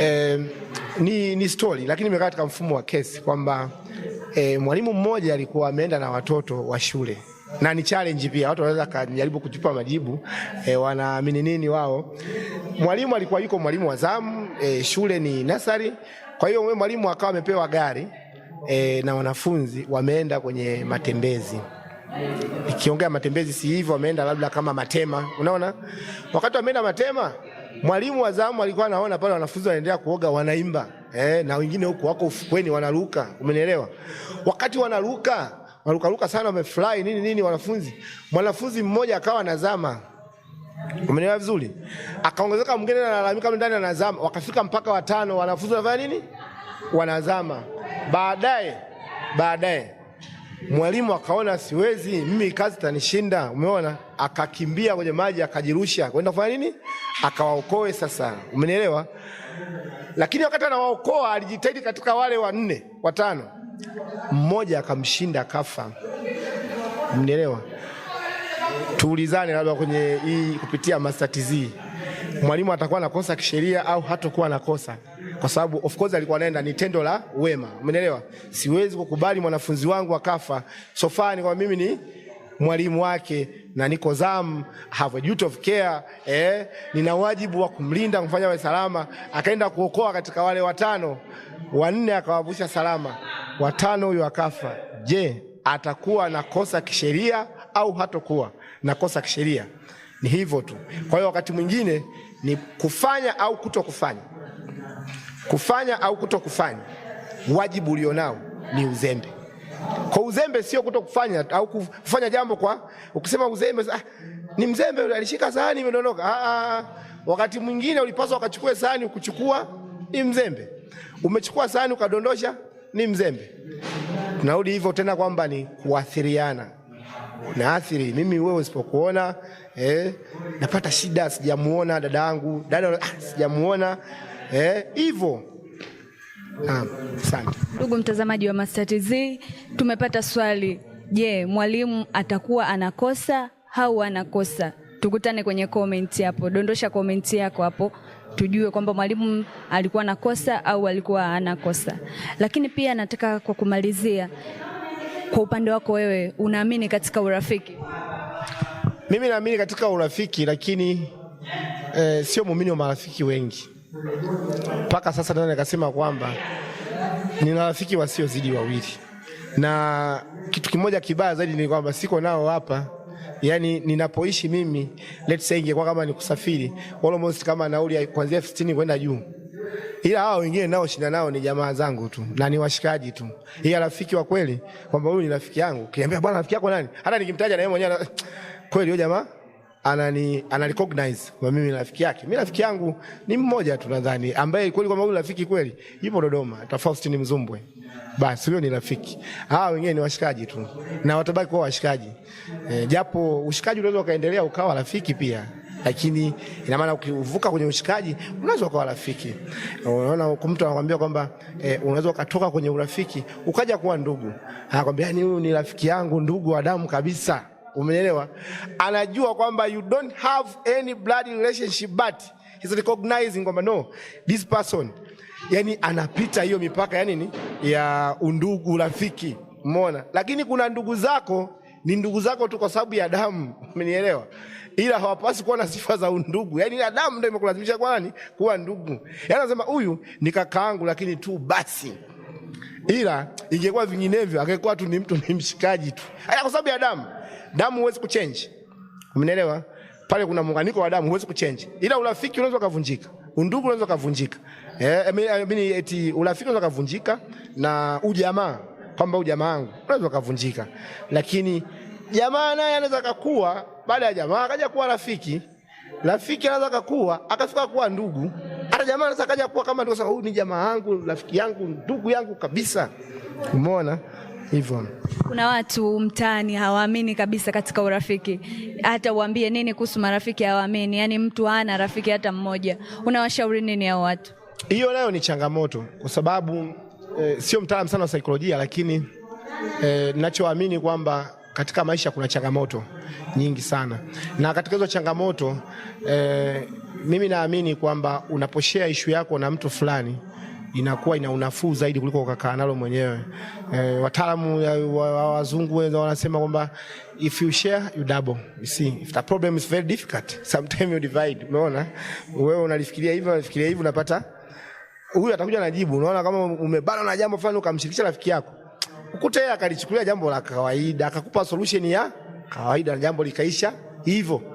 eh, ni, ni story lakini imekaa katika mfumo wa kesi kwamba eh, mwalimu mmoja alikuwa ameenda na watoto wa shule na ni challenge pia, watu wanaweza kujaribu kutupa majibu e, wanaamini nini wao. Mwalimu alikuwa yuko mwalimu wa zamu e, shule ni nasari. Kwa hiyo mwalimu akawa amepewa gari e, na wanafunzi wameenda kwenye matembezi. Ikiongea matembezi si hivyo, wameenda labda kama Matema, unaona, wakati wameenda Matema Mwalimu wa zamu alikuwa anaona pale wanafunzi wanaendelea kuoga wanaimba, eh, na wengine huko wako ufukweni wanaruka, umenielewa? Wakati wanaruka warukaruka sana, wamefurahi nini nini, wanafunzi mwanafunzi mmoja akawa anazama Umenielewa vizuri? Akaongezeka mwingine analalamika ndani anazama, wakafika mpaka watano, wanafunzi wanafanya nini? Wanazama. Baadaye baadaye Mwalimu akaona siwezi mimi, kazi tanishinda, umeona, akakimbia kwenye maji akajirusha kwenda kufanya nini, akawaokoe. Sasa umenielewa? Lakini wakati anawaokoa alijitahidi katika wale wanne watano, mmoja akamshinda akafa. Umenielewa? Tuulizane labda kwenye hii kupitia Master TZ, mwalimu atakuwa nakosa kisheria au hatakuwa nakosa? kwa sababu of course alikuwa anaenda ni tendo la wema, umeelewa? Siwezi kukubali mwanafunzi wangu akafa. So far ni kwa mimi ni mwalimu wake na niko zam, have a duty of care eh, nina wajibu wa kumlinda kumfanya awe salama. Akaenda kuokoa katika wale watano, wanne akawavusha salama, watano huyo akafa. Je, atakuwa na kosa kisheria au hatokuwa na kosa kisheria? Ni hivyo tu. Kwa hiyo wakati mwingine ni kufanya au kuto kufanya. Kufanya au kuto kufanya, wajibu ulionao ni uzembe. Kwa uzembe sio kuto kufanya au kufanya jambo kwa ukisema uzembe, ah, ni mzembe alishika sahani imedondoka. Ah, ah, ah, wakati mwingine ulipaswa ukachukue sahani, ukuchukua ni mzembe. Umechukua sahani ukadondosha, ni mzembe. Tunarudi hivyo tena kwamba ni kuathiriana na athiri mimi wewe usipokuona eh, napata shida, sijamuona dada yangu dada, ah, sijamuona hivyo eh, asante. Ndugu mtazamaji wa Master TZ, tumepata swali. Je, mwalimu atakuwa anakosa au anakosa? Tukutane kwenye komenti hapo, dondosha komenti yako hapo tujue kwamba mwalimu alikuwa anakosa au alikuwa anakosa. Lakini pia nataka kwa kumalizia, kwa upande wako wewe, unaamini katika urafiki? Mimi naamini katika urafiki, lakini eh, sio muumini wa marafiki wengi. Mpaka sasa naweza nikasema kwamba nina rafiki wasiozidi wawili, na kitu kimoja kibaya zaidi ni kwamba siko nao hapa yaani ninapoishi mimi let's say ingekuwa kama ni kusafiri almost kama nauli kuanzia elfu sitini kwenda juu, ila hao wengine nao shinda nao ni jamaa zangu tu na ni washikaji tu, ila rafiki wa kweli kwamba huyu ni rafiki yangu, kiambia bwana, rafiki yako nani, hata nikimtaja na yeye mwenyewe kweli huyo jamaa anani anarecognize kwa mimi rafiki yake. Mimi rafiki yangu ni mmoja tu nadhani ambaye kweli kwa maana rafiki kweli yupo Dodoma, tofauti ni Mzumbwe. Basi huyo ni rafiki. Hawa wengine ni washikaji tu na watabaki kuwa washikaji. E, japo ushikaji unaweza ukaendelea ukawa rafiki pia. Lakini ina maana ukivuka kwenye ushikaji unaweza ukawa rafiki. Unaona mtu anakuambia kwamba e, unaweza ukatoka kwenye urafiki ukaja kuwa ndugu. Anakuambia ni yaani huyu ni rafiki yangu, ndugu wa damu kabisa. Umeelewa? Anajua kwamba you don't have any blood relationship but he's recognizing kwamba no this person, yani anapita hiyo mipaka yani ni ya undugu, urafiki, umeona. Lakini kuna ndugu zako ni ndugu zako tu kwa sababu ya damu, umenielewa? Ila hawapasi kuwa na sifa za undugu, yani ila damu ndio imekulazimisha kwa nani kuwa ndugu. Yani anasema huyu ni kakaangu, lakini tu basi ila ingekuwa vinginevyo, angekuwa tu ni mtu ni mshikaji tu, kwa sababu ya damu damu huwezi kuchange, umenielewa? Pale kuna muunganiko wa damu huwezi kuchange, ila urafiki unaweza kuvunjika, undugu unaweza kuvunjika, eh, I mean, eti urafiki unaweza kuvunjika na ujamaa, kwamba ujamaa wangu unaweza kuvunjika, lakini jamaa naye anaweza kukua. baada ya jamaa akaja kuwa rafiki, rafiki anaweza kukua akafika kuwa ndugu hata jamaa anaweza kaja kuwa kama ndugu, sasa, huyu ni jamaa yangu, rafiki yangu, ndugu yangu kabisa. Umeona? hivyo. Kuna watu mtaani hawaamini kabisa katika urafiki, hata uambie nini kuhusu marafiki hawaamini, yaani mtu hana rafiki hata mmoja. Unawashauri nini hao watu? Hiyo nayo ni changamoto kwa sababu eh, sio mtaalamu sana wa saikolojia, lakini eh, ninachoamini kwamba katika maisha kuna changamoto nyingi sana, na katika hizo changamoto eh, mimi naamini kwamba unaposhea ishu yako na mtu fulani inakuwa ina unafuu zaidi kuliko ukakaa nalo mwenyewe. E, wataalamu wa wazungu wa, wanasema kwamba if you share you double. You see, if the problem is very difficult, sometimes you divide. Umeona? Wewe unalifikiria hivyo, unafikiria hivyo unapata huyu atakuja na jibu. Unaona kama umebana na jambo fulani ukamshirikisha rafiki yako. Ukute akalichukulia jambo la kawaida, akakupa solution ya kawaida na jambo likaisha hivyo.